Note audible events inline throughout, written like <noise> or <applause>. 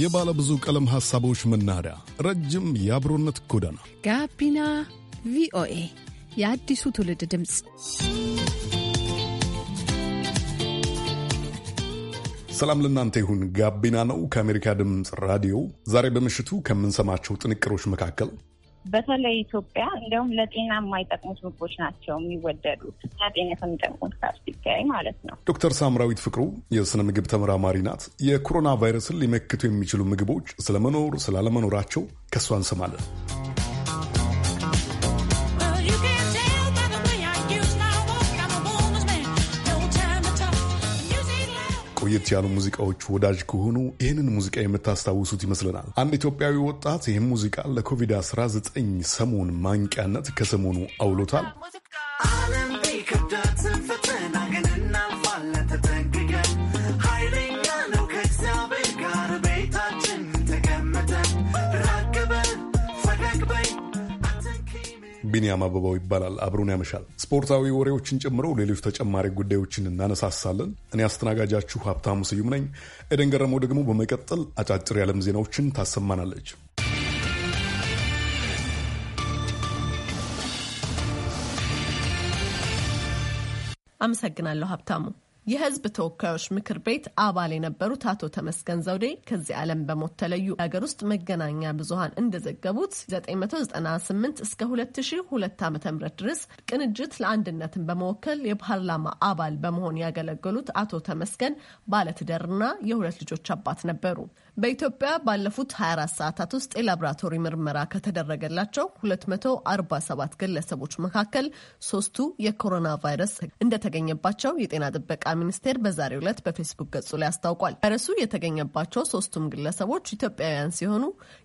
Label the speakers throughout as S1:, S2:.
S1: የባለ ብዙ ቀለም ሐሳቦች መናኸሪያ፣ ረጅም የአብሮነት ጎዳና
S2: ጋቢና ቪኦኤ የአዲሱ ትውልድ ድምፅ።
S1: ሰላም ለእናንተ ይሁን። ጋቢና ነው ከአሜሪካ ድምፅ ራዲዮ። ዛሬ በምሽቱ ከምንሰማቸው ጥንቅሮች መካከል
S3: በተለይ ኢትዮጵያ እንዲሁም ለጤና የማይጠቅሙት ምግቦች ናቸው የሚወደዱት ለጤነት የሚጠቅሙት ጋር ሲታይ ማለት ነው።
S1: ዶክተር ሳምራዊት ፍቅሩ የስነ ምግብ ተመራማሪ ናት። የኮሮና ቫይረስን ሊመክቱ የሚችሉ ምግቦች ስለመኖር ስላለመኖራቸው ከእሷ እንሰማለን። ቆየት ያሉ ሙዚቃዎች ወዳጅ ከሆኑ ይህንን ሙዚቃ የምታስታውሱት ይመስለናል። አንድ ኢትዮጵያዊ ወጣት ይህም ሙዚቃ ለኮቪድ-19 ሰሞን ማንቂያነት ከሰሞኑ አውሎታል። ቢኒያም አበባው ይባላል። አብሮን ያመሻል። ስፖርታዊ ወሬዎችን ጨምሮ ሌሎች ተጨማሪ ጉዳዮችን እናነሳሳለን። እኔ አስተናጋጃችሁ ሀብታሙ ስዩም ነኝ። ኤደን ገረመው ደግሞ በመቀጠል አጫጭር የዓለም ዜናዎችን ታሰማናለች።
S2: አመሰግናለሁ ሀብታሙ። የህዝብ ተወካዮች ምክር ቤት አባል የነበሩት አቶ ተመስገን ዘውዴ ከዚህ ዓለም በሞት ተለዩ። የሀገር ውስጥ መገናኛ ብዙሀን እንደዘገቡት 998 እስከ 2002 ዓ ም ድረስ ቅንጅት ለአንድነትን በመወከል የፓርላማ አባል በመሆን ያገለገሉት አቶ ተመስገን ባለትዳርና የሁለት ልጆች አባት ነበሩ። በኢትዮጵያ ባለፉት 24 ሰዓታት ውስጥ የላቦራቶሪ ምርመራ ከተደረገላቸው 247 ግለሰቦች መካከል ሶስቱ የኮሮና ቫይረስ እንደተገኘባቸው የጤና ጥበቃ ሚኒስቴር በዛሬው ዕለት በፌስቡክ ገጹ ላይ አስታውቋል። ቫይረሱ የተገኘባቸው ሶስቱም ግለሰቦች ኢትዮጵያውያን ሲሆኑ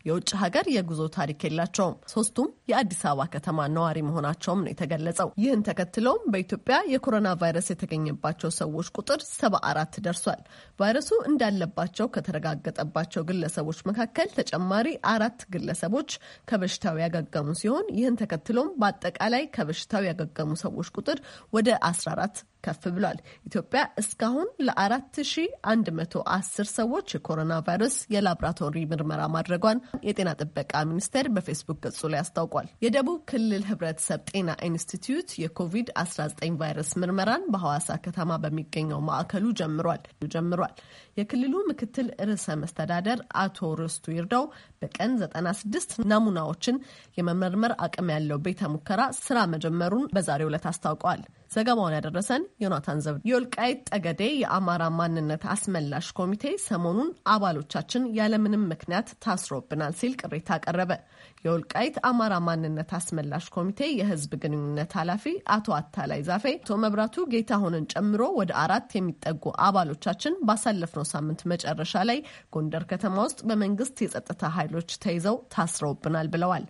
S2: የውጭ ሀገር የጉዞ ታሪክ የላቸውም። ሶስቱም የአዲስ አበባ ከተማ ነዋሪ መሆናቸውም ነው የተገለጸው። ይህን ተከትለውም በኢትዮጵያ የኮሮና ቫይረስ የተገኘባቸው ሰዎች ቁጥር 74 ደርሷል። ቫይረሱ እንዳለባቸው ከተረጋገጠባቸው ከደረሰባቸው ግለሰቦች መካከል ተጨማሪ አራት ግለሰቦች ከበሽታው ያገገሙ ሲሆን ይህን ተከትሎም በአጠቃላይ ከበሽታው ያገገሙ ሰዎች ቁጥር ወደ 14 ከፍ ብሏል። ኢትዮጵያ እስካሁን ለ4110 ሰዎች የኮሮና ቫይረስ የላብራቶሪ ምርመራ ማድረጓን የጤና ጥበቃ ሚኒስቴር በፌስቡክ ገጹ ላይ አስታውቋል። የደቡብ ክልል ህብረተሰብ ጤና ኢንስቲትዩት የኮቪድ-19 ቫይረስ ምርመራን በሐዋሳ ከተማ በሚገኘው ማዕከሉ ጀምሯል ጀምሯል። የክልሉ ምክትል ርዕሰ መስተዳደር አቶ ርስቱ ይርዳው በቀን 96 ናሙናዎችን የመመርመር አቅም ያለው ቤተ ሙከራ ስራ መጀመሩን በዛሬው ዕለት አስታውቀዋል። ዘገባውን ያደረሰን ዮናታን ዘብ። የወልቃይት ጠገዴ የአማራ ማንነት አስመላሽ ኮሚቴ ሰሞኑን አባሎቻችን ያለምንም ምክንያት ታስሮብናል ሲል ቅሬታ አቀረበ። የወልቃይት አማራ ማንነት አስመላሽ ኮሚቴ የህዝብ ግንኙነት ኃላፊ አቶ አታላይ ዛፌ አቶ መብራቱ ጌታሁንን ጨምሮ ወደ አራት የሚጠጉ አባሎቻችን ባሳለፍነው ሳምንት መጨረሻ ላይ ጎንደር ከተማ ውስጥ በመንግስት የጸጥታ ኃይሎች ተይዘው ታስረውብናል ብለዋል።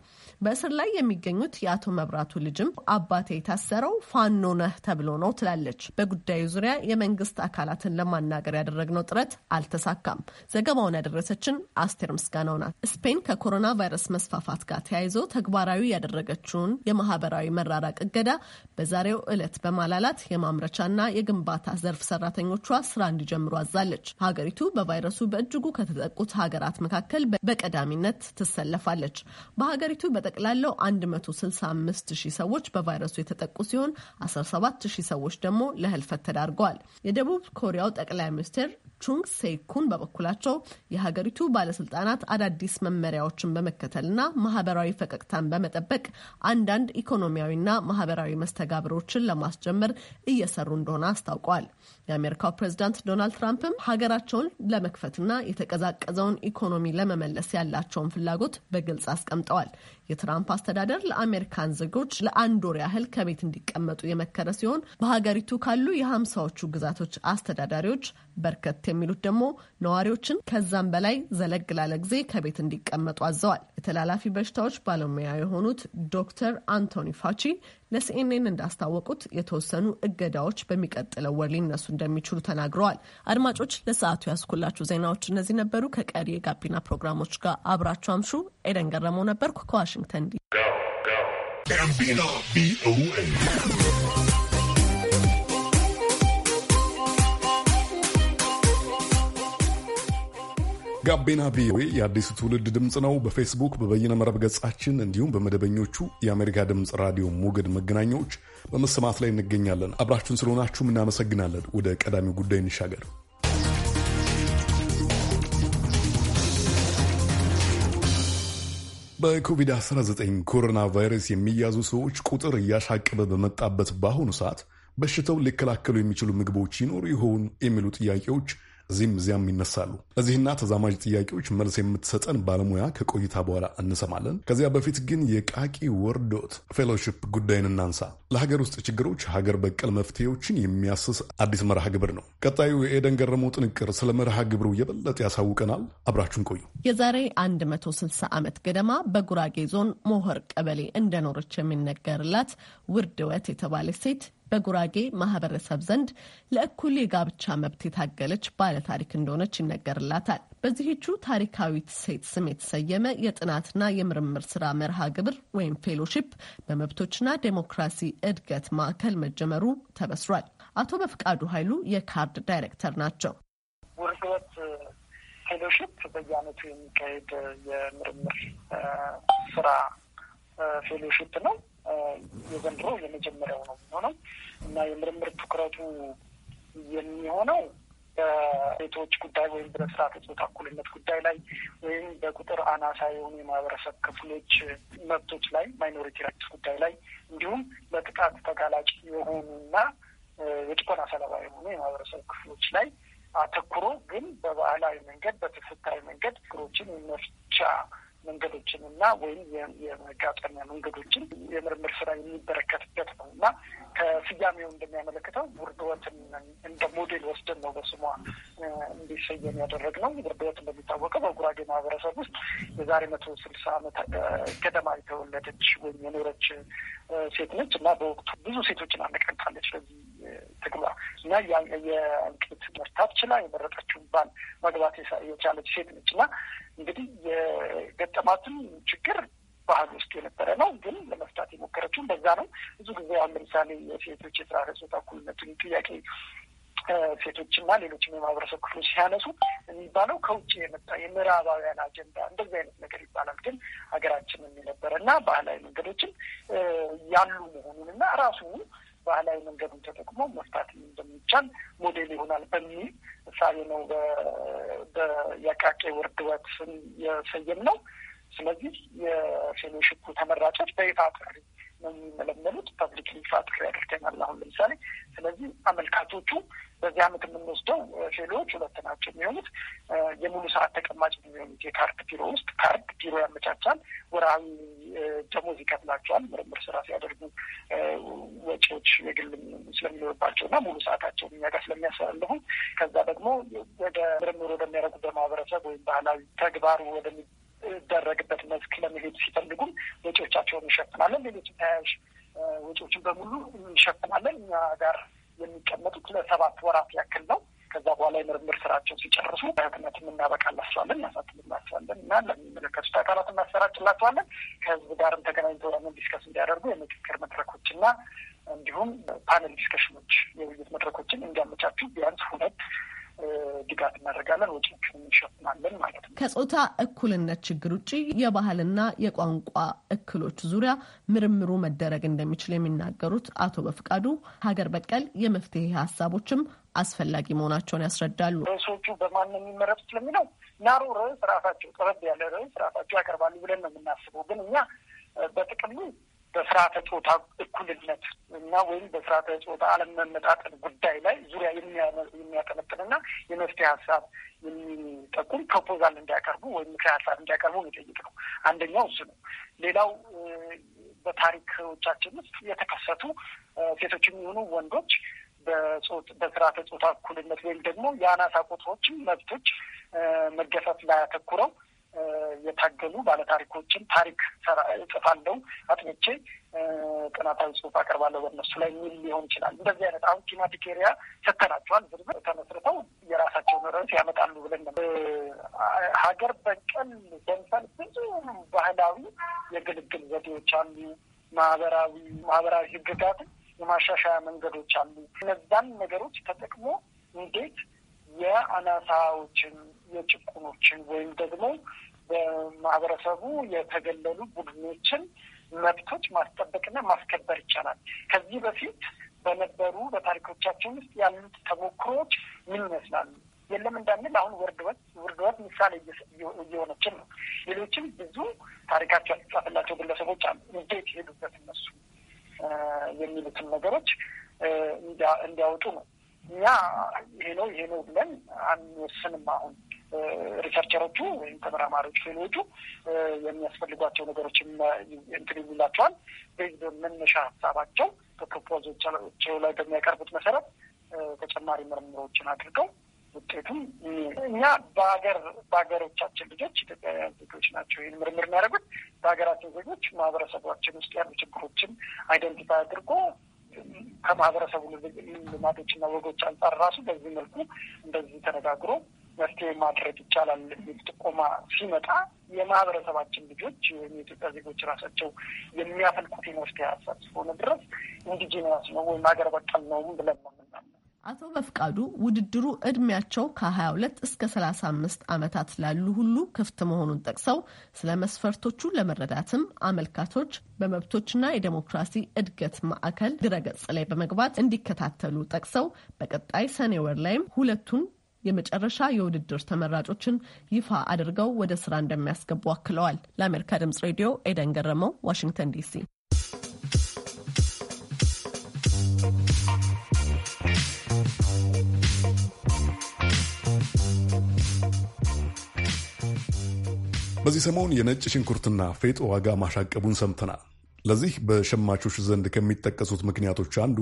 S2: በእስር ላይ የሚገኙት የአቶ መብራቱ ልጅም አባቴ የታሰረው ፋኖ ነህ ተብሎ ነው ትላለች። በጉዳዩ ዙሪያ የመንግስት አካላትን ለማናገር ያደረግነው ጥረት አልተሳካም። ዘገባውን ያደረሰችን አስቴር ምስጋናው ናት። ስፔን ከኮሮና ቫይረስ መስፋፋት ጋር ተያይዞ ተግባራዊ ያደረገችውን የማህበራዊ መራራቅ እገዳ በዛሬው ዕለት በማላላት የማምረቻና የግንባታ ዘርፍ ሰራተኞቿ ስራ እንዲጀምሩ አዛለች። ሀገሪቱ በቫይረሱ በእጅጉ ከተጠቁት ሀገራት መካከል በቀዳሚነት ትሰለፋለች። በሀገሪቱ በጠቅላላው 165 ሺህ ሰዎች በቫይረሱ የተጠቁ ሲሆን 17 ሺህ ሰዎች ደግሞ ለህልፈት ተዳርገዋል። የደቡብ ኮሪያው ጠቅላይ ሚኒስትር ቹንግ ሴኩን በበኩላቸው የሀገሪቱ ባለስልጣናት አዳዲስ መመሪያዎችን በመከተልና ማህበራዊ ፈቀቅታን በመጠበቅ አንዳንድ ኢኮኖሚያዊና ማህበራዊ መስተጋብሮችን ለማስጀመር እየሰሩ እንደሆነ አስታውቀዋል። የአሜሪካው ፕሬዚዳንት ዶናልድ ትራምፕም ሀገራቸውን ለመክፈትና የተቀዛቀዘውን ኢኮኖሚ ለመመለስ ያላቸውን ፍላጎት በግልጽ አስቀምጠዋል። የትራምፕ አስተዳደር ለአሜሪካን ዜጎች ለአንድ ወር ያህል ከቤት እንዲቀመጡ የመከረ ሲሆን በሀገሪቱ ካሉ የሀምሳዎቹ ግዛቶች አስተዳዳሪዎች በርከት የሚሉት ደግሞ ነዋሪዎችን ከዛም በላይ ዘለግ ላለ ጊዜ ከቤት እንዲቀመጡ አዘዋል። የተላላፊ በሽታዎች ባለሙያ የሆኑት ዶክተር አንቶኒ ፋቺ ለሲኤንኤን እንዳስታወቁት የተወሰኑ እገዳዎች በሚቀጥለው ወር ሊነሱ እንደሚችሉ ተናግረዋል። አድማጮች፣ ለሰዓቱ ያስኩላችሁ ዜናዎች እነዚህ ነበሩ። ከቀሪ የጋቢና ፕሮግራሞች ጋር አብራችሁ አምሹ። ኤደን ገረመው ነበርኩ ከዋሽንግተን ዲሲ።
S1: ጋቢና ቪኦኤ የአዲሱ ትውልድ ድምፅ ነው። በፌስቡክ በበይነ መረብ ገጻችን እንዲሁም በመደበኞቹ የአሜሪካ ድምፅ ራዲዮ ሞገድ መገናኛዎች በመሰማት ላይ እንገኛለን። አብራችሁን ስለሆናችሁም እናመሰግናለን። ወደ ቀዳሚው ጉዳይ እንሻገር። በኮቪድ-19 ኮሮና ቫይረስ የሚያዙ ሰዎች ቁጥር እያሻቀበ በመጣበት በአሁኑ ሰዓት በሽታው ሊከላከሉ የሚችሉ ምግቦች ይኖሩ ይሆን የሚሉ ጥያቄዎች እዚህም እዚያም ይነሳሉ። እዚህና ተዛማጅ ጥያቄዎች መልስ የምትሰጠን ባለሙያ ከቆይታ በኋላ እንሰማለን። ከዚያ በፊት ግን የቃቂ ወርዶት ፌሎሺፕ ጉዳይን እናንሳ። ለሀገር ውስጥ ችግሮች ሀገር በቀል መፍትሄዎችን የሚያስስ አዲስ መርሃ ግብር ነው። ቀጣዩ የኤደን ገረመው ጥንቅር ስለ መርሃ ግብሩ የበለጠ ያሳውቀናል። አብራችሁን ቆዩ።
S2: የዛሬ 160 ዓመት ገደማ በጉራጌ ዞን ሞሆር ቀበሌ እንደኖረች የሚነገርላት ውርድ ወት የተባለ ሴት በጉራጌ ማህበረሰብ ዘንድ ለእኩል የጋብቻ መብት የታገለች ባለታሪክ እንደሆነች ይነገርላታል። በዚህቹ ታሪካዊት ሴት ስም የተሰየመ የጥናትና የምርምር ስራ መርሃ ግብር ወይም ፌሎሺፕ በመብቶችና ዴሞክራሲ እድገት ማዕከል መጀመሩ ተበስሯል። አቶ በፍቃዱ ኃይሉ የካርድ ዳይሬክተር ናቸው።
S4: ውርህወት ፌሎሺፕ በየአመቱ የሚካሄድ የምርምር ስራ ፌሎሺፕ ነው። የዘንድሮ የመጀመሪያው ነው የሚሆነው እና የምርምር ትኩረቱ የሚሆነው በሴቶች ጉዳይ ወይም በስርዓተ ጾታ እኩልነት ጉዳይ ላይ ወይም በቁጥር አናሳ የሆኑ የማህበረሰብ ክፍሎች መብቶች ላይ ማይኖሪቲ ራይትስ ጉዳይ ላይ እንዲሁም ለጥቃት ተጋላጭ የሆኑና የጭቆና ሰለባ የሆኑ የማህበረሰብ ክፍሎች ላይ አተኩሮ ግን በባህላዊ መንገድ በትስታዊ መንገድ ችግሮችን የመፍቻ መንገዶችን እና ወይም የመጋጠሚያ መንገዶችን የምርምር ስራ የሚበረከትበት ነው እና ከስያሜው እንደሚያመለክተው ውርድወትን እንደ ሞዴል ወስደን ነው በስሟ እንዲሰየም ነው። ውርድወት እንደሚታወቀው በጉራጌ ማህበረሰብ ውስጥ የዛሬ መቶ ስልሳ ዓመት ገደማ የተወለደች ወይም የኖረች ሴት ነች እና በወቅቱ ብዙ ሴቶችን አነቃቃለች በዚህ ትግሏ እና የእንቅት መርታት ችላ የመረጠችውን ባል መግባት የቻለች ሴት ነች እና እንግዲህ የገጠማትን ችግር ባህል ውስጥ የነበረ ነው፣ ግን ለመፍታት የሞከረችው እንደዛ ነው። ብዙ ጊዜ አሁን ለምሳሌ የሴቶች የስራ ርዕሶት እኩልነትን ጥያቄ ሴቶችና ሌሎችም የማህበረሰብ ክፍሎች ሲያነሱ የሚባለው ከውጭ የመጣ የምዕራባውያን አጀንዳ እንደዚህ አይነት ነገር ይባላል። ግን ሀገራችንም የነበረ እና ባህላዊ መንገዶችም ያሉ መሆኑን እና ራሱ ባህላዊ መንገዱን ተጠቅሞ መፍታት እንደሚቻል ሞዴል ይሆናል በሚል እሳቤ ነው በየቃቄ ወርድ ወቅፍን የሰየም ነው። ስለዚህ የፌሎሺፑ ተመራጮች በይፋ ጥሪ ነው የሚመለመሉት። ፐብሊክ ፋክር ያደርገናል አሁን ለምሳሌ። ስለዚህ አመልካቾቹ በዚህ አመት የምንወስደው ፌሎዎች ሁለት ናቸው የሚሆኑት የሙሉ ሰዓት ተቀማጭ የሚሆኑት የካርድ ቢሮ ውስጥ ካርድ ቢሮ ያመቻቻል። ወርዊ ደሞዝ ይከፍላቸዋል። ምርምር ስራ ሲያደርጉ ወጪዎች የግል ስለሚኖርባቸው እና ሙሉ ሰዓታቸው እኛ ጋር ስለሚያሳልፉ ከዛ ደግሞ ወደ ምርምር ወደሚያደርጉ በማህበረሰብ ወይም ባህላዊ ተግባር ወደሚ የሚደረግበት መስክ ለመሄድ ሲፈልጉም ወጪዎቻቸውን እንሸፍናለን። ሌሎች ተያያዥ ወጪዎችን በሙሉ እንሸፍናለን። እኛ ጋር የሚቀመጡት ለሰባት ወራት ያክል ነው። ከዛ በኋላ የምርምር ስራቸውን ሲጨርሱ በህትመትም እናበቃላቸዋለን፣ እናሳትምላቸዋለን እና ለሚመለከቱት አካላት እናሰራጭላቸዋለን። ከህዝብ ጋርም ተገናኝተው ያንን ዲስከስ እንዲያደርጉ የምክክር መድረኮች እና እንዲሁም ፓነል ዲስከሽኖች የውይይት መድረኮችን እንዲያመቻቹ ቢያንስ ሁለት ድጋፍ እናደርጋለን፣ ወጪዎቹን እንሸፍናለን ማለት
S2: ነው። ከጾታ እኩልነት ችግር ውጭ የባህልና የቋንቋ እክሎች ዙሪያ ምርምሩ መደረግ እንደሚችል የሚናገሩት አቶ በፍቃዱ ሀገር በቀል የመፍትሄ ሀሳቦችም አስፈላጊ መሆናቸውን ያስረዳሉ።
S4: ርዕሶቹ በማን ነው የሚመረጡት ናሮ ርዕስ ራሳቸው ጠበብ ያለ ርዕስ ራሳቸው ያቀርባሉ ብለን ነው የምናስበው። ግን እኛ በጥቅሉ በስርዓተ ጾታ እኩልነት እና ወይም በስርዓተ ፆታ አለመመጣጠን ጉዳይ ላይ ዙሪያ የሚያጠነጥንና የመፍትሄ ሀሳብ የሚጠቁም ፕሮፖዛል እንዲያቀርቡ ወይም ምክር ሀሳብ እንዲያቀርቡ የሚጠይቅ ነው። አንደኛው እሱ ነው። ሌላው በታሪኮቻችን ውስጥ የተከሰቱ ሴቶች የሚሆኑ ወንዶች በስርዓተ ፆታ እኩልነት ወይም ደግሞ የአናሳ ቁጥሮችም መብቶች መገፈፍ ላይ አተኩረው የታገሉ ባለታሪኮችን ታሪክ እጽፋለሁ፣ አጥንቼ ጥናታዊ ጽሁፍ አቀርባለሁ በነሱ ላይ የሚል ሊሆን ይችላል። እንደዚህ አይነት አሁን ቲማቲክ ኤሪያ ሰተናቸዋል። ዝርዝር ተመስርተው የራሳቸውን ርዕስ ያመጣሉ ብለን ሀገር በቀል ደንፈል ብዙ ባህላዊ የግልግል ዘዴዎች አሉ። ማህበራዊ ማህበራዊ ህግጋት የማሻሻያ መንገዶች አሉ። እነዛን ነገሮች ተጠቅሞ እንዴት የአናሳዎችን የጭቁኖችን ወይም ደግሞ በማህበረሰቡ የተገለሉ ቡድኖችን መብቶች ማስጠበቅና ማስከበር ይቻላል። ከዚህ በፊት በነበሩ በታሪኮቻችን ውስጥ ያሉት ተሞክሮዎች ምን ይመስላሉ? የለም እንዳንል አሁን ወርድወት ወርድወት ምሳሌ እየሆነችን ነው። ሌሎችም ብዙ ታሪካቸው ያልተጻፈላቸው ግለሰቦች አሉ። እንዴት ሄዱበት እነሱ የሚሉትን ነገሮች እንዲያወጡ ነው። እኛ ይሄ ነው ይሄ ነው ብለን አንወስንም። አሁን ሪሰርቸሮቹ ወይም ተመራማሪዎች ፌሎቹ የሚያስፈልጓቸው ነገሮች እንትን ይሉላቸዋል። በዚህ መነሻ ሀሳባቸው በፕሮፖዞቻቸው ላይ በሚያቀርቡት መሰረት ተጨማሪ ምርምሮችን አድርገው ውጤቱም እኛ በሀገር በሀገሮቻችን ልጆች ኢትዮጵያውያን ዜጎች ናቸው ይህን ምርምር የሚያደርጉት በሀገራችን ዜጎች ማህበረሰባችን ውስጥ ያሉ ችግሮችን አይደንቲፋይ አድርጎ ከማህበረሰቡ ልማዶችና ወጎች አንጻር ራሱ በዚህ መልኩ እንደዚህ ተነጋግሮ መፍትሄ ማድረግ ይቻላል የሚል ጥቆማ ሲመጣ የማህበረሰባችን ልጆች ወይም የኢትዮጵያ ዜጎች ራሳቸው የሚያፈልቁት የመፍትሄ ሀሳብ እስከሆነ ድረስ ኢንዲጂነስ ነው ወይም ሀገር በቀል ነው ብለን ነው
S2: አቶ በፍቃዱ ውድድሩ እድሜያቸው ከ22 እስከ 35 ዓመታት ላሉ ሁሉ ክፍት መሆኑን ጠቅሰው ስለ መስፈርቶቹ ለመረዳትም አመልካቶች በመብቶችና የዴሞክራሲ እድገት ማዕከል ድረገጽ ላይ በመግባት እንዲከታተሉ ጠቅሰው በቀጣይ ሰኔ ወር ላይም ሁለቱን የመጨረሻ የውድድር ተመራጮችን ይፋ አድርገው ወደ ስራ እንደሚያስገቡ አክለዋል። ለአሜሪካ ድምጽ ሬዲዮ ኤደን ገረመው፣ ዋሽንግተን ዲሲ።
S1: በዚህ ሰሞን የነጭ ሽንኩርትና ፌጦ ዋጋ ማሻቀቡን ሰምተናል። ለዚህ በሸማቾች ዘንድ ከሚጠቀሱት ምክንያቶች አንዱ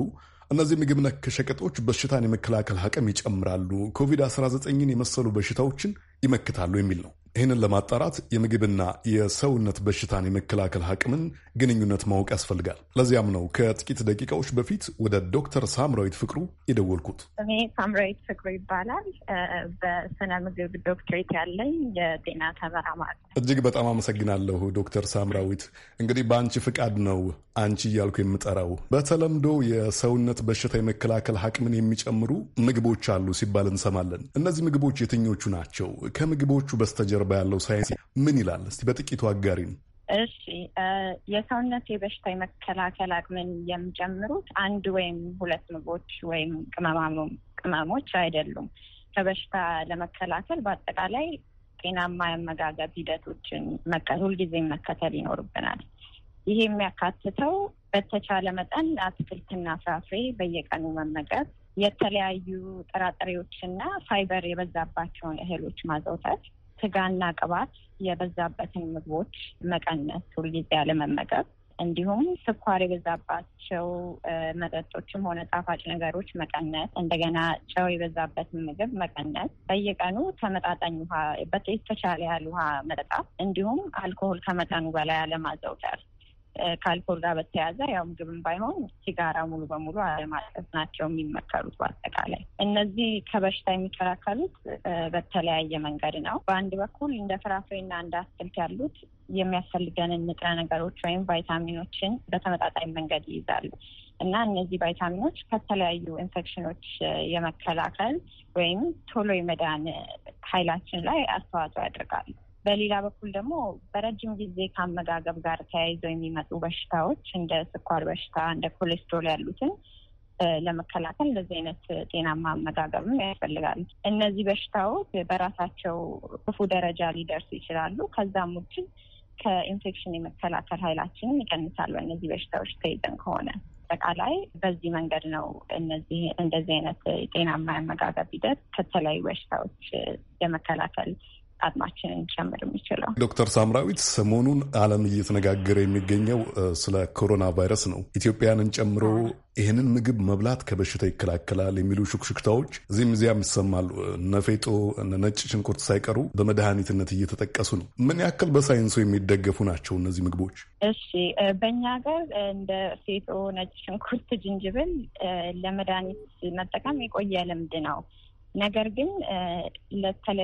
S1: እነዚህ ምግብ ነክ ሸቀጦች በሽታን የመከላከል አቅም ይጨምራሉ፣ ኮቪድ-19ን የመሰሉ በሽታዎችን ይመክታሉ የሚል ነው። ይህንን ለማጣራት የምግብና የሰውነት በሽታን የመከላከል አቅምን ግንኙነት ማወቅ ያስፈልጋል። ለዚያም ነው ከጥቂት ደቂቃዎች በፊት ወደ ዶክተር ሳምራዊት ፍቅሩ የደወልኩት።
S3: እኔ ሳምራዊት ፍቅሩ ይባላል። በስነ ምግብ ዶክትሬት ያለኝ የጤና ተመራማሪ።
S1: እጅግ በጣም አመሰግናለሁ ዶክተር ሳምራዊት። እንግዲህ በአንቺ ፍቃድ ነው አንቺ እያልኩ የምጠራው። በተለምዶ የሰውነት በሽታ የመከላከል አቅምን የሚጨምሩ ምግቦች አሉ ሲባል እንሰማለን። እነዚህ ምግቦች የትኞቹ ናቸው? ከምግቦቹ በስተጀ ጀርባ ያለው ሳይንስ ምን ይላል? እስቲ በጥቂቱ አጋሪን።
S3: እሺ የሰውነት የበሽታ የመከላከል አቅምን የሚጨምሩት አንድ ወይም ሁለት ምግቦች ወይም ቅመሞች አይደሉም። ከበሽታ ለመከላከል በአጠቃላይ ጤናማ የአመጋገብ ሂደቶችን ሁልጊዜም መከተል ይኖርብናል። ይሄ የሚያካትተው በተቻለ መጠን አትክልትና ፍራፍሬ በየቀኑ መመገብ፣ የተለያዩ ጥራጥሬዎችና ፋይበር የበዛባቸውን እህሎች ማዘውተት ስጋና ቅባት የበዛበትን ምግቦች መቀነስ፣ ሁልጊዜ አለመመገብ እንዲሁም ስኳር የበዛባቸው መጠጦችም ሆነ ጣፋጭ ነገሮች መቀነስ፣ እንደገና ጨው የበዛበትን ምግብ መቀነስ፣ በየቀኑ ተመጣጣኝ ውሃ፣ በተቻለ ያህል ውሃ መጠጣት፣ እንዲሁም አልኮሆል ከመጠኑ በላይ አለማዘውተር ከአልኮል ጋር በተያያዘ ያው ምግብም ባይሆን ሲጋራ ሙሉ በሙሉ አለማቀፍ ናቸው የሚመከሩት። በአጠቃላይ እነዚህ ከበሽታ የሚከላከሉት በተለያየ መንገድ ነው። በአንድ በኩል እንደ ፍራፍሬና እንደ አትክልት ያሉት የሚያስፈልገንን ንጥረ ነገሮች ወይም ቫይታሚኖችን በተመጣጣኝ መንገድ ይይዛሉ እና እነዚህ ቫይታሚኖች ከተለያዩ ኢንፌክሽኖች የመከላከል ወይም ቶሎ የመዳን ኃይላችን ላይ አስተዋጽኦ ያደርጋሉ። በሌላ በኩል ደግሞ በረጅም ጊዜ ከአመጋገብ ጋር ተያይዘው የሚመጡ በሽታዎች እንደ ስኳር በሽታ፣ እንደ ኮሌስትሮል ያሉትን ለመከላከል እንደዚህ አይነት ጤናማ አመጋገብም ያስፈልጋሉ። እነዚህ በሽታዎች በራሳቸው ክፉ ደረጃ ሊደርሱ ይችላሉ። ከዛም ውጭ ከኢንፌክሽን የመከላከል ኃይላችንን ይቀንሳል። በእነዚህ በሽታዎች ተይዘን ከሆነ አጠቃላይ በዚህ መንገድ ነው እነዚህ እንደዚህ አይነት ጤናማ አመጋገብ ሂደት ከተለያዩ በሽታዎች የመከላከል አድማችንን ጨምር የሚችለው።
S1: ዶክተር ሳምራዊት ሰሞኑን ዓለም እየተነጋገረ የሚገኘው ስለ ኮሮና ቫይረስ ነው። ኢትዮጵያንን ጨምሮ ይህንን ምግብ መብላት ከበሽታ ይከላከላል የሚሉ ሹክሹክታዎች እዚህም እዚያም ይሰማሉ። ነፌጦ፣ ነጭ ሽንኩርት ሳይቀሩ በመድኃኒትነት እየተጠቀሱ ነው። ምን ያክል በሳይንሱ የሚደገፉ ናቸው እነዚህ ምግቦች?
S3: እሺ፣ በእኛ ሀገር እንደ ፌጦ፣ ነጭ ሽንኩርት፣ ዝንጅብል ለመድኃኒት መጠቀም የቆየ ልምድ ነው። ነገር ግን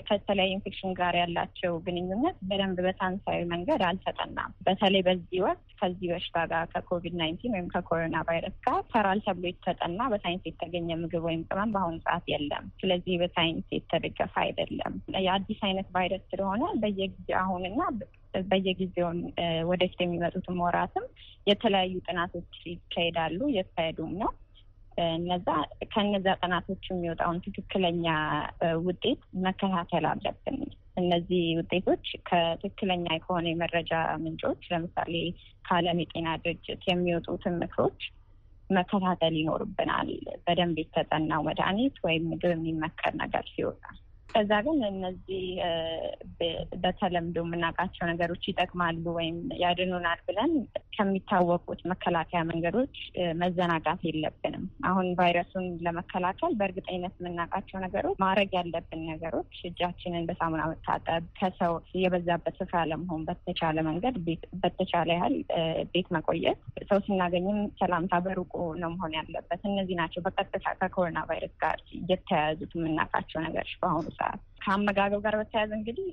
S3: ከተለያዩ ኢንፌክሽን ጋር ያላቸው ግንኙነት በደንብ በሳይንሳዊ መንገድ አልተጠናም። በተለይ በዚህ ወቅት ከዚህ በሽታ ጋር ከኮቪድ ናይንቲን ወይም ከኮሮና ቫይረስ ጋር ተራል ተብሎ የተጠና በሳይንስ የተገኘ ምግብ ወይም ቅመም በአሁኑ ሰዓት የለም። ስለዚህ በሳይንስ የተደገፈ አይደለም። የአዲስ አይነት ቫይረስ ስለሆነ በየጊዜ አሁንና በየጊዜውን ወደፊት የሚመጡትም ወራትም የተለያዩ ጥናቶች ይካሄዳሉ፣ እየተካሄዱም ነው። እነዛ ከነዛ ጥናቶች የሚወጣውን ትክክለኛ ውጤት መከታተል አለብን። እነዚህ ውጤቶች ከትክክለኛ ከሆነ የመረጃ ምንጮች ለምሳሌ ከዓለም የጤና ድርጅት የሚወጡትን ምክሮች መከታተል ይኖርብናል። በደንብ የተጠናው መድኃኒት ወይም ምግብ የሚመከር ነገር ሲወጣ ከዛ ግን እነዚህ በተለምዶ የምናውቃቸው ነገሮች ይጠቅማሉ ወይም ያድኑናል ብለን ከሚታወቁት መከላከያ መንገዶች መዘናጋት የለብንም። አሁን ቫይረሱን ለመከላከል በእርግጠኝነት የምናውቃቸው ነገሮች ማድረግ ያለብን ነገሮች እጃችንን በሳሙና መታጠብ፣ ከሰው የበዛበት ስፍራ ለመሆን በተቻለ መንገድ በተቻለ ያህል ቤት መቆየት፣ ሰው ስናገኝም ሰላምታ በሩቁ ነው መሆን ያለበት። እነዚህ ናቸው በቀጥታ ከኮሮና ቫይረስ ጋር የተያያዙት የምናውቃቸው ነገሮች በአሁኑ አንጻር ከአመጋገብ ጋር በተያያዘ እንግዲህ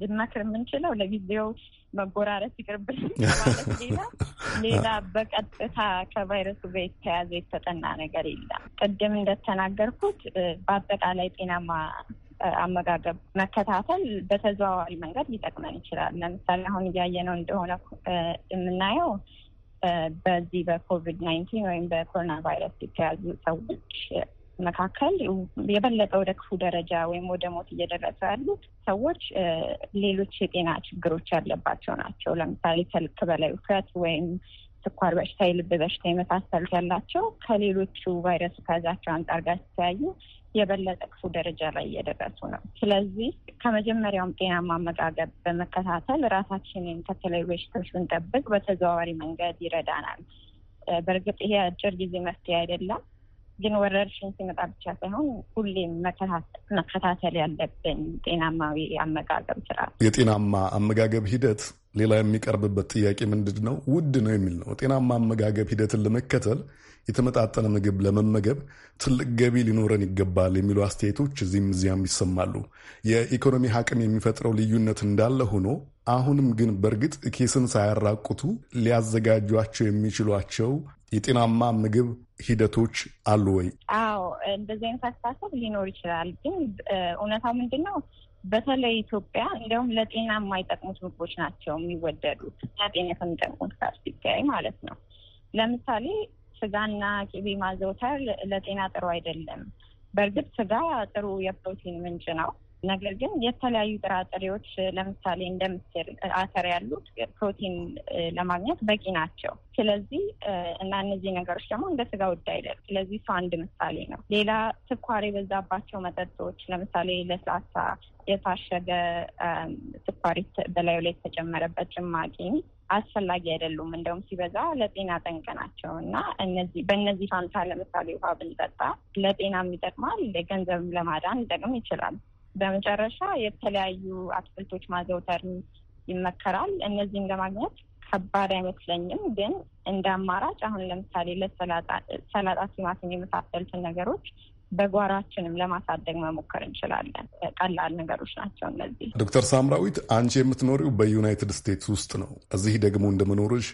S3: ልመክር የምንችለው ለጊዜው መጎራረስ ይቅርብልን ማለት ሌላ <laughs> ሌላ በቀጥታ ከቫይረሱ ጋር የተያያዘ የተጠና ነገር የለም። ቅድም እንደተናገርኩት በአጠቃላይ ጤናማ አመጋገብ መከታተል በተዘዋዋሪ መንገድ ሊጠቅመን ይችላል። ለምሳሌ አሁን እያየነው እንደሆነ የምናየው በዚህ በኮቪድ ናይንቲን ወይም በኮሮና ቫይረስ የተያዙ ሰዎች መካከል የበለጠ ወደ ክፉ ደረጃ ወይም ወደ ሞት እየደረሰ ያሉት ሰዎች ሌሎች የጤና ችግሮች ያለባቸው ናቸው። ለምሳሌ ከልክ በላይ ውፍረት ወይም ስኳር በሽታ፣ የልብ በሽታ የመሳሰሉት ያላቸው ከሌሎቹ ቫይረስ ከያዛቸው አንጻር ጋር ሲተያዩ የበለጠ ክፉ ደረጃ ላይ እየደረሱ ነው። ስለዚህ ከመጀመሪያውም ጤናማ አመጋገብ በመከታተል ራሳችንን ከተለያዩ በሽታዎች ብንጠብቅ በተዘዋዋሪ መንገድ ይረዳናል። በእርግጥ ይሄ አጭር ጊዜ መፍትሄ አይደለም። ግን ወረርሽኝ ሲመጣ ብቻ ሳይሆን ሁሌም መከታተል ያለብን ጤናማዊ አመጋገብ ስራ።
S1: የጤናማ አመጋገብ ሂደት ሌላ የሚቀርብበት ጥያቄ ምንድን ነው? ውድ ነው የሚል ነው። ጤናማ አመጋገብ ሂደትን ለመከተል የተመጣጠነ ምግብ ለመመገብ ትልቅ ገቢ ሊኖረን ይገባል የሚሉ አስተያየቶች እዚህም እዚያም ይሰማሉ። የኢኮኖሚ አቅም የሚፈጥረው ልዩነት እንዳለ ሆኖ አሁንም ግን በእርግጥ ኬስን ሳያራቁቱ ሊያዘጋጇቸው የሚችሏቸው የጤናማ ምግብ ሂደቶች አሉ ወይ?
S3: አዎ፣ እንደዚህ አይነት አስተሳሰብ ሊኖር ይችላል። ግን እውነታው ምንድን ነው? በተለይ ኢትዮጵያ እንዲያውም ለጤና የማይጠቅሙት ምግቦች ናቸው የሚወደዱት፣ ለጤና ከሚጠቅሙት ጋር ሲታይ ማለት ነው። ለምሳሌ ስጋና ቅቤ ማዘውተር ለጤና ጥሩ አይደለም። በእርግጥ ስጋ ጥሩ የፕሮቲን ምንጭ ነው ነገር ግን የተለያዩ ጥራጥሬዎች ለምሳሌ እንደ ምስር፣ አተር ያሉት ፕሮቲን ለማግኘት በቂ ናቸው። ስለዚህ እና እነዚህ ነገሮች ደግሞ እንደ ስጋ ውድ አይደል። ስለዚህ እሱ አንድ ምሳሌ ነው። ሌላ ስኳር የበዛባቸው መጠጦች ለምሳሌ ለስላሳ፣ የታሸገ ስኳር በላዩ ላይ የተጨመረበት ጭማቂ አስፈላጊ አይደሉም። እንደውም ሲበዛ ለጤና ጠንቅ ናቸው እና እነዚህ በእነዚህ ፋንታ ለምሳሌ ውሃ ብንጠጣ ለጤናም ይጠቅማል፣ ገንዘብም ለማዳን ሊጠቅም ይችላል። በመጨረሻ የተለያዩ አትክልቶች ማዘውተር ይመከራል። እነዚህም ለማግኘት ከባድ አይመስለኝም፣ ግን እንደ አማራጭ አሁን ለምሳሌ ለሰላጣ፣ ቲማቲም የመሳሰሉትን ነገሮች በጓሯችንም ለማሳደግ መሞከር እንችላለን። ቀላል ነገሮች ናቸው እነዚህ።
S1: ዶክተር ሳምራዊት አንቺ የምትኖሪው በዩናይትድ ስቴትስ ውስጥ ነው። እዚህ ደግሞ እንደመኖርሽ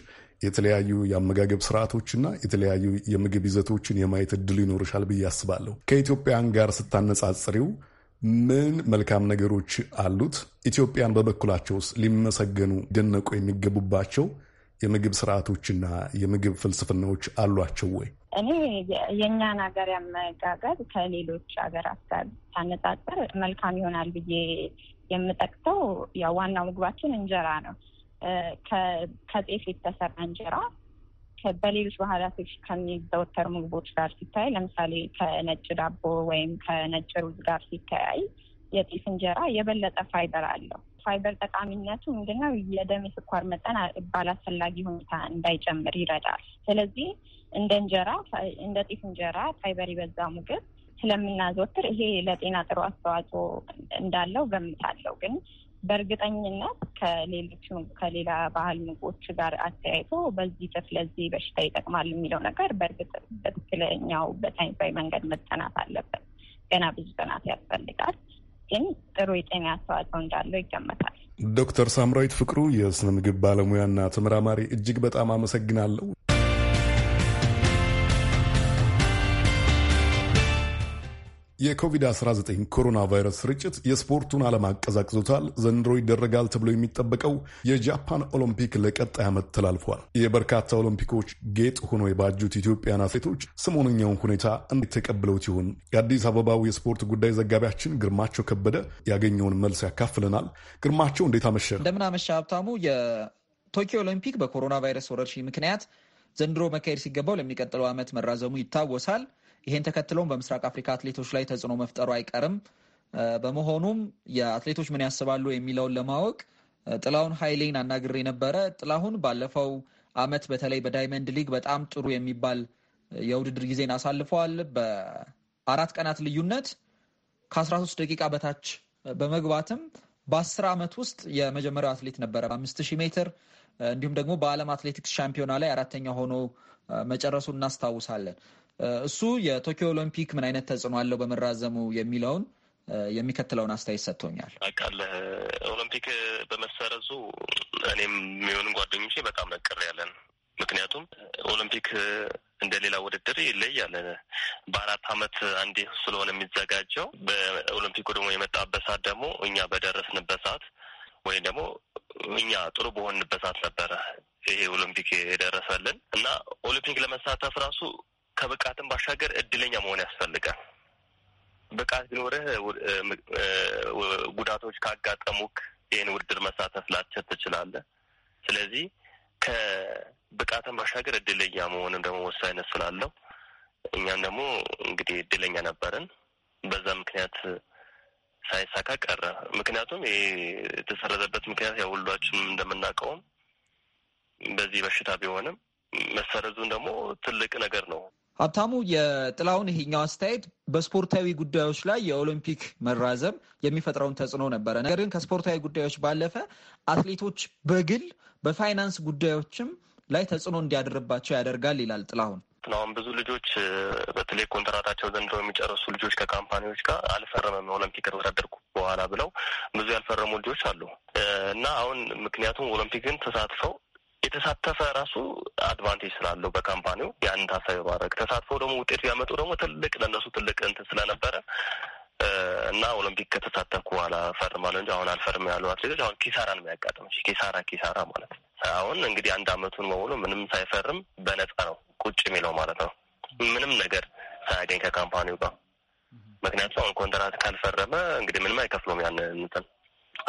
S1: የተለያዩ የአመጋገብ ስርዓቶችና የተለያዩ የምግብ ይዘቶችን የማየት እድል ይኖርሻል ብዬ አስባለሁ። ከኢትዮጵያን ጋር ስታነጻጽሪው ምን መልካም ነገሮች አሉት? ኢትዮጵያን በበኩላቸው ውስጥ ሊመሰገኑ ደነቁ የሚገቡባቸው የምግብ ስርዓቶችና የምግብ ፍልስፍናዎች አሏቸው ወይ?
S3: እኔ የእኛን ሀገር ያመጋገብ ከሌሎች ሀገራት ጋር ሳነጻጸር መልካም ይሆናል ብዬ የምጠቅሰው ያው ዋናው ምግባችን እንጀራ ነው። ከጤፍ የተሰራ እንጀራ በሌሎች ባህላቶች ከሚዘወተሩ ምግቦች ጋር ሲታይ ለምሳሌ ከነጭ ዳቦ ወይም ከነጭ ሩዝ ጋር ሲተያይ የጤፍ እንጀራ የበለጠ ፋይበር አለው። ፋይበር ጠቃሚነቱ ምንድነው? የደም የስኳር መጠን ባላስፈላጊ ሁኔታ እንዳይጨምር ይረዳል። ስለዚህ እንደ እንጀራ እንደ ጤፍ እንጀራ ፋይበር የበዛ ምግብ ስለምናዘወትር ይሄ ለጤና ጥሩ አስተዋጽኦ እንዳለው ገምታለሁ። ግን በእርግጠኝነት ከሌሎች ከሌላ ባህል ምግቦች ጋር አተያይቶ በዚህ ጥፍ ለዚህ በሽታ ይጠቅማል የሚለው ነገር በእርግጥ በትክክለኛው በሳይንሳዊ መንገድ መጠናት አለበት። ገና ብዙ ጥናት ያስፈልጋል፣ ግን ጥሩ የጤና አስተዋጽኦ እንዳለው ይገመታል።
S1: ዶክተር ሳምራዊት ፍቅሩ የስነ ምግብ ባለሙያና ተመራማሪ፣ እጅግ በጣም አመሰግናለሁ። የኮቪድ-19 ኮሮና ቫይረስ ስርጭት የስፖርቱን ዓለም አቀዛቅዞታል። ዘንድሮ ይደረጋል ተብሎ የሚጠበቀው የጃፓን ኦሎምፒክ ለቀጣይ ዓመት ተላልፏል። የበርካታ ኦሎምፒኮች ጌጥ ሆኖ የባጁት ኢትዮጵያን አትሌቶች ሰሞነኛውን ሁኔታ እንዴት ተቀብለውት ይሆን? የአዲስ አበባው የስፖርት ጉዳይ ዘጋቢያችን ግርማቸው ከበደ ያገኘውን መልስ ያካፍለናል። ግርማቸው እንዴት አመሸ?
S5: እንደምን አመሻ ሀብታሙ። የቶኪዮ ኦሎምፒክ በኮሮና ቫይረስ ወረርሽኝ ምክንያት ዘንድሮ መካሄድ ሲገባው ለሚቀጥለው ዓመት መራዘሙ ይታወሳል። ይሄን ተከትለውም በምስራቅ አፍሪካ አትሌቶች ላይ ተጽዕኖ መፍጠሩ አይቀርም። በመሆኑም የአትሌቶች ምን ያስባሉ የሚለውን ለማወቅ ጥላሁን ኃይሌን አናግሬ ነበረ። ጥላሁን ባለፈው አመት በተለይ በዳይመንድ ሊግ በጣም ጥሩ የሚባል የውድድር ጊዜን አሳልፈዋል። በአራት ቀናት ልዩነት ከ13 ደቂቃ በታች በመግባትም በአስር ዓመት ውስጥ የመጀመሪያው አትሌት ነበረ። በ ሺህ ሜትር እንዲሁም ደግሞ በዓለም አትሌቲክስ ሻምፒዮና ላይ አራተኛ ሆኖ መጨረሱ እናስታውሳለን። እሱ የቶኪዮ ኦሎምፒክ ምን አይነት ተጽዕኖ አለው በመራዘሙ የሚለውን የሚከትለውን አስተያየት ሰጥቶኛል።
S6: አውቃለህ ኦሎምፒክ በመሰረዙ እኔም የሚሆንም ጓደኞቼ በጣም ነቅር ያለን ምክንያቱም ኦሎምፒክ እንደ ሌላ ውድድር ይለያል። በአራት አመት አንዴ ስለሆነ የሚዘጋጀው በኦሎምፒኩ ደግሞ የመጣበት ሰዓት ደግሞ እኛ በደረስንበት ሰዓት ወይም ደግሞ እኛ ጥሩ በሆንበት ሰዓት ነበረ ይሄ ኦሎምፒክ የደረሰልን እና ኦሎምፒክ ለመሳተፍ ራሱ ከብቃትን ባሻገር እድለኛ መሆን ያስፈልጋል። ብቃት ቢኖርህ ጉዳቶች ካጋጠሙክ ይህን ውድድር መሳተፍ ላቸት ትችላለህ። ስለዚህ ከብቃትን ባሻገር እድለኛ መሆንም ደግሞ ወሳኝነት ስላለው እኛም ደግሞ እንግዲህ እድለኛ ነበርን። በዛ ምክንያት ሳይሳካ ቀረ። ምክንያቱም ይህ የተሰረዘበት ምክንያት ያው ሁላችንም እንደምናውቀውም በዚህ በሽታ ቢሆንም መሰረዙን ደግሞ ትልቅ ነገር ነው።
S5: ሀብታሙ የጥላውን ይሄኛው አስተያየት በስፖርታዊ ጉዳዮች ላይ የኦሎምፒክ መራዘም የሚፈጥረውን ተጽዕኖ ነበረ። ነገር ግን ከስፖርታዊ ጉዳዮች ባለፈ አትሌቶች በግል በፋይናንስ ጉዳዮችም ላይ ተጽዕኖ እንዲያደርባቸው ያደርጋል ይላል ጥላሁን።
S6: አሁን ብዙ ልጆች በተለይ ኮንትራታቸው ዘንድሮ የሚጨርሱ ልጆች ከካምፓኒዎች ጋር አልፈረመም ኦሎምፒክ ከተወዳደርኩ በኋላ ብለው ብዙ ያልፈረሙ ልጆች አሉ እና አሁን ምክንያቱም ኦሎምፒክን ተሳትፈው የተሳተፈ ራሱ አድቫንቴጅ ስላለው በካምፓኒው ያንን ታሳቢ ማድረግ ተሳትፎ ደግሞ ውጤት ቢያመጡ ደግሞ ትልቅ ለእነሱ ትልቅ እንትን ስለነበረ እና ኦሎምፒክ ከተሳተፍኩ በኋላ ፈርማለሁ እንጂ አሁን አልፈርም ያሉ አትሌቶች አሁን ኪሳራ ነው የሚያጋጥመው። ኪሳራ ኪሳራ ማለት ነው። አሁን እንግዲህ አንድ አመቱን መሆኑ ምንም ሳይፈርም በነጻ ነው ቁጭ የሚለው ማለት ነው። ምንም ነገር ሳያገኝ ከካምፓኒው ጋር ምክንያቱም አሁን ኮንትራት ካልፈረመ እንግዲህ ምንም አይከፍለውም። ያን እንትን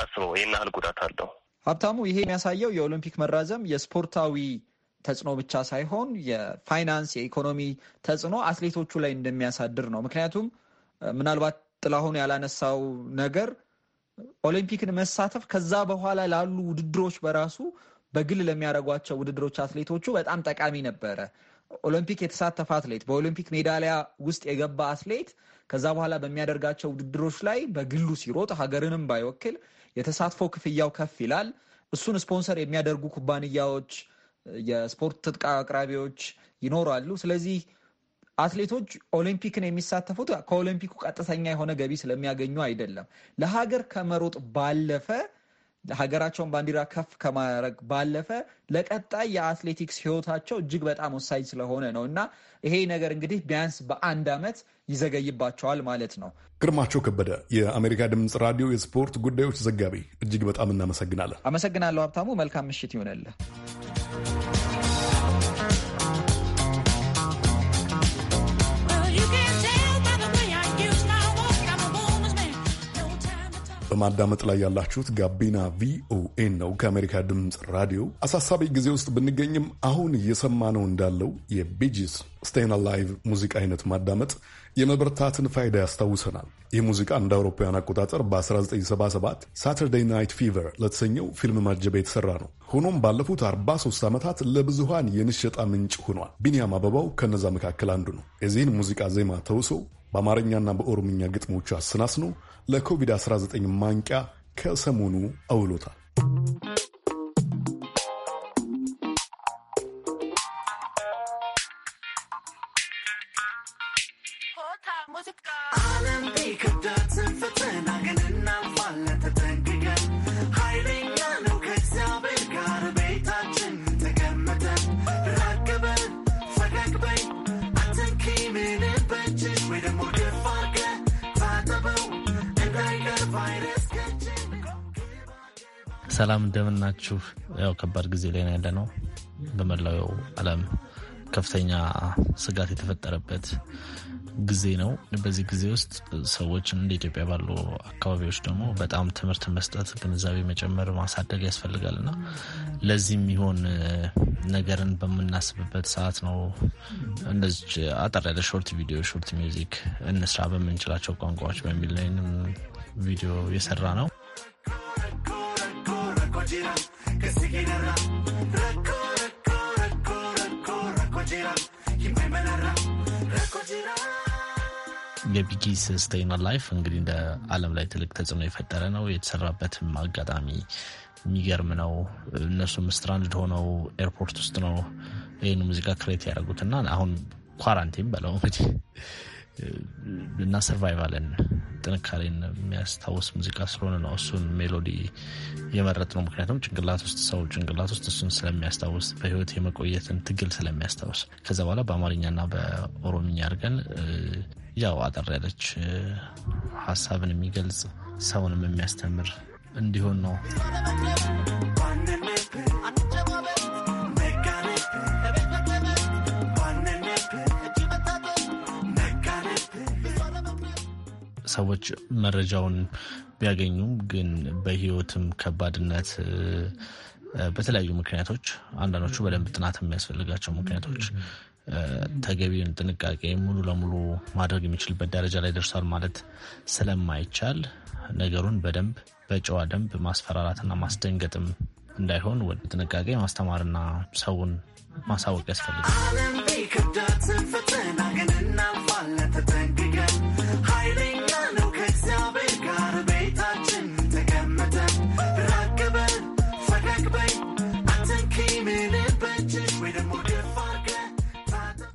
S6: አስበው፣ ይህን ያህል ጉዳት አለው።
S5: ሀብታሙ፣ ይሄ የሚያሳየው የኦሎምፒክ መራዘም የስፖርታዊ ተጽዕኖ ብቻ ሳይሆን የፋይናንስ የኢኮኖሚ ተጽዕኖ አትሌቶቹ ላይ እንደሚያሳድር ነው። ምክንያቱም ምናልባት ጥላሁን ያላነሳው ነገር ኦሎምፒክን መሳተፍ ከዛ በኋላ ላሉ ውድድሮች በራሱ በግል ለሚያደርጓቸው ውድድሮች አትሌቶቹ በጣም ጠቃሚ ነበረ። ኦሎምፒክ የተሳተፈ አትሌት በኦሎምፒክ ሜዳሊያ ውስጥ የገባ አትሌት ከዛ በኋላ በሚያደርጋቸው ውድድሮች ላይ በግሉ ሲሮጥ ሀገርንም ባይወክል የተሳትፎ ክፍያው ከፍ ይላል። እሱን ስፖንሰር የሚያደርጉ ኩባንያዎች፣ የስፖርት ትጥቅ አቅራቢዎች ይኖራሉ። ስለዚህ አትሌቶች ኦሊምፒክን የሚሳተፉት ከኦሊምፒኩ ቀጥተኛ የሆነ ገቢ ስለሚያገኙ አይደለም። ለሀገር ከመሮጥ ባለፈ ሀገራቸውን ባንዲራ ከፍ ከማድረግ ባለፈ ለቀጣይ የአትሌቲክስ ህይወታቸው እጅግ በጣም ወሳኝ ስለሆነ ነው እና ይሄ ነገር እንግዲህ ቢያንስ በአንድ ዓመት ይዘገይባቸዋል ማለት ነው።
S1: ግርማቸው ከበደ፣ የአሜሪካ ድምፅ ራዲዮ የስፖርት ጉዳዮች ዘጋቢ፣ እጅግ በጣም እናመሰግናለን።
S5: አመሰግናለሁ ሀብታሙ። መልካም ምሽት ይሆነልህ።
S1: በማዳመጥ ላይ ያላችሁት ጋቢና ቪኦኤ ነው ከአሜሪካ ድምፅ ራዲዮ። አሳሳቢ ጊዜ ውስጥ ብንገኝም አሁን እየሰማነው እንዳለው የቢጂስ ስቴይን አላይቭ ሙዚቃ አይነት ማዳመጥ የመበርታትን ፋይዳ ያስታውሰናል። ይህ ሙዚቃ እንደ አውሮፓውያን አቆጣጠር በ1977 ሳተርዴይ ናይት ፊቨር ለተሰኘው ፊልም ማጀቢያ የተሰራ ነው። ሆኖም ባለፉት 43 ዓመታት ለብዙሃን የንሸጣ ምንጭ ሆኗል። ቢንያም አበባው ከነዛ መካከል አንዱ ነው። የዚህን ሙዚቃ ዜማ ተውሶ በአማርኛና በኦሮምኛ ግጥሞቹ አሰናስኖ ለኮቪድ-19 ማንቂያ ከሰሞኑ አውሎታል።
S7: ሰላም እንደምናችሁ። ያው ከባድ ጊዜ ላይ ነው በመላው ዓለም ከፍተኛ ስጋት የተፈጠረበት ጊዜ ነው። በዚህ ጊዜ ውስጥ ሰዎች እንደ ኢትዮጵያ ባሉ አካባቢዎች ደግሞ በጣም ትምህርት መስጠት፣ ግንዛቤ መጨመር፣ ማሳደግ ያስፈልጋል እና ለዚህ የሚሆን ነገርን በምናስብበት ሰዓት ነው እንደዚህ አጠር ያለ ሾርት ቪዲዮ፣ ሾርት ሚውዚክ እንስራ በምንችላቸው ቋንቋዎች በሚል ቪዲዮ የሰራ ነው። የቢጊስ ስቴይን ላይፍ እንግዲህ እንደ አለም ላይ ትልቅ ተጽዕኖ የፈጠረ ነው። የተሰራበትም አጋጣሚ የሚገርም ነው። እነሱም ስትራንድድ ሆነው ኤርፖርት ውስጥ ነው ይህን ሙዚቃ ክሬት ያደረጉትና አሁን ኳራንቲን በለው እንግዲህ እና ሰርቫይቫልን ጥንካሬን የሚያስታውስ ሙዚቃ ስለሆነ ነው እሱን ሜሎዲ የመረጥ ነው። ምክንያቱም ጭንቅላት ውስጥ ሰው ጭንቅላት ውስጥ እሱን ስለሚያስታውስ በህይወት የመቆየትን ትግል ስለሚያስታውስ ከዛ በኋላ በአማርኛና በኦሮምኛ አድርገን ያው አጠር ያለች ሀሳብን የሚገልጽ ሰውንም የሚያስተምር እንዲሆን ነው። ሰዎች መረጃውን ቢያገኙም ግን በህይወትም ከባድነት በተለያዩ ምክንያቶች አንዳንዶቹ በደንብ ጥናት የሚያስፈልጋቸው ምክንያቶች ተገቢውን ጥንቃቄ ሙሉ ለሙሉ ማድረግ የሚችልበት ደረጃ ላይ ደርሷል ማለት ስለማይቻል ነገሩን በደንብ በጨዋ ደንብ ማስፈራራትና ማስደንገጥም እንዳይሆን ወደ ጥንቃቄ ማስተማርና ሰውን ማሳወቅ
S8: ያስፈልጋል።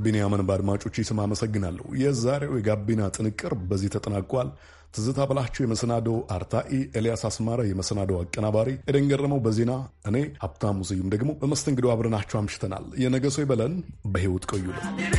S1: ቢንያምን በአድማጮች ስም አመሰግናለሁ። የዛሬው የጋቢና ጥንቅር በዚህ ተጠናቋል። ትዝታ ብላችሁ የመሰናዶ አርታኢ ኤልያስ አስማረ፣ የመሰናዶው አቀናባሪ ኤደን ገረመው፣ በዜና እኔ ሀብታሙ ስዩም ደግሞ በመስተንግዶ አብረናችሁ አምሽተናል። የነገ ሰው ይበለን። በሕይወት ቆዩልን።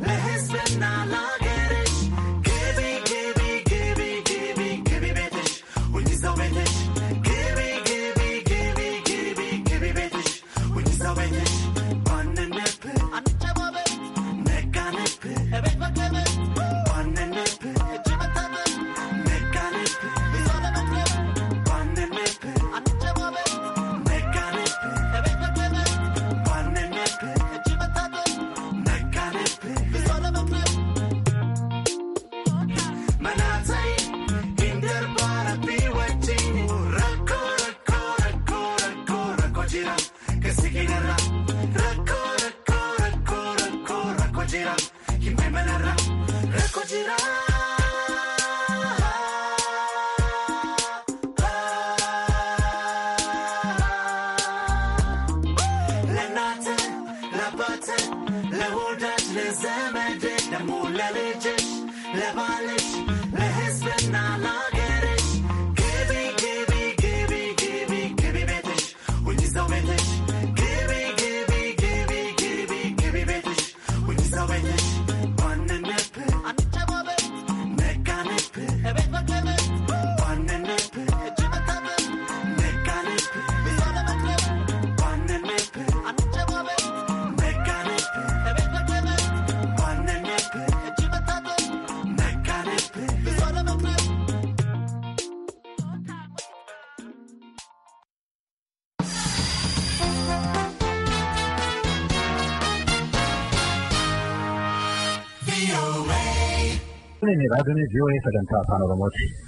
S8: Let his ለእናት ለአባት ለወዳጅ ለዘመድ ደግሞ ለልጅ
S2: Rabbini Julie Fidentapanovamochi.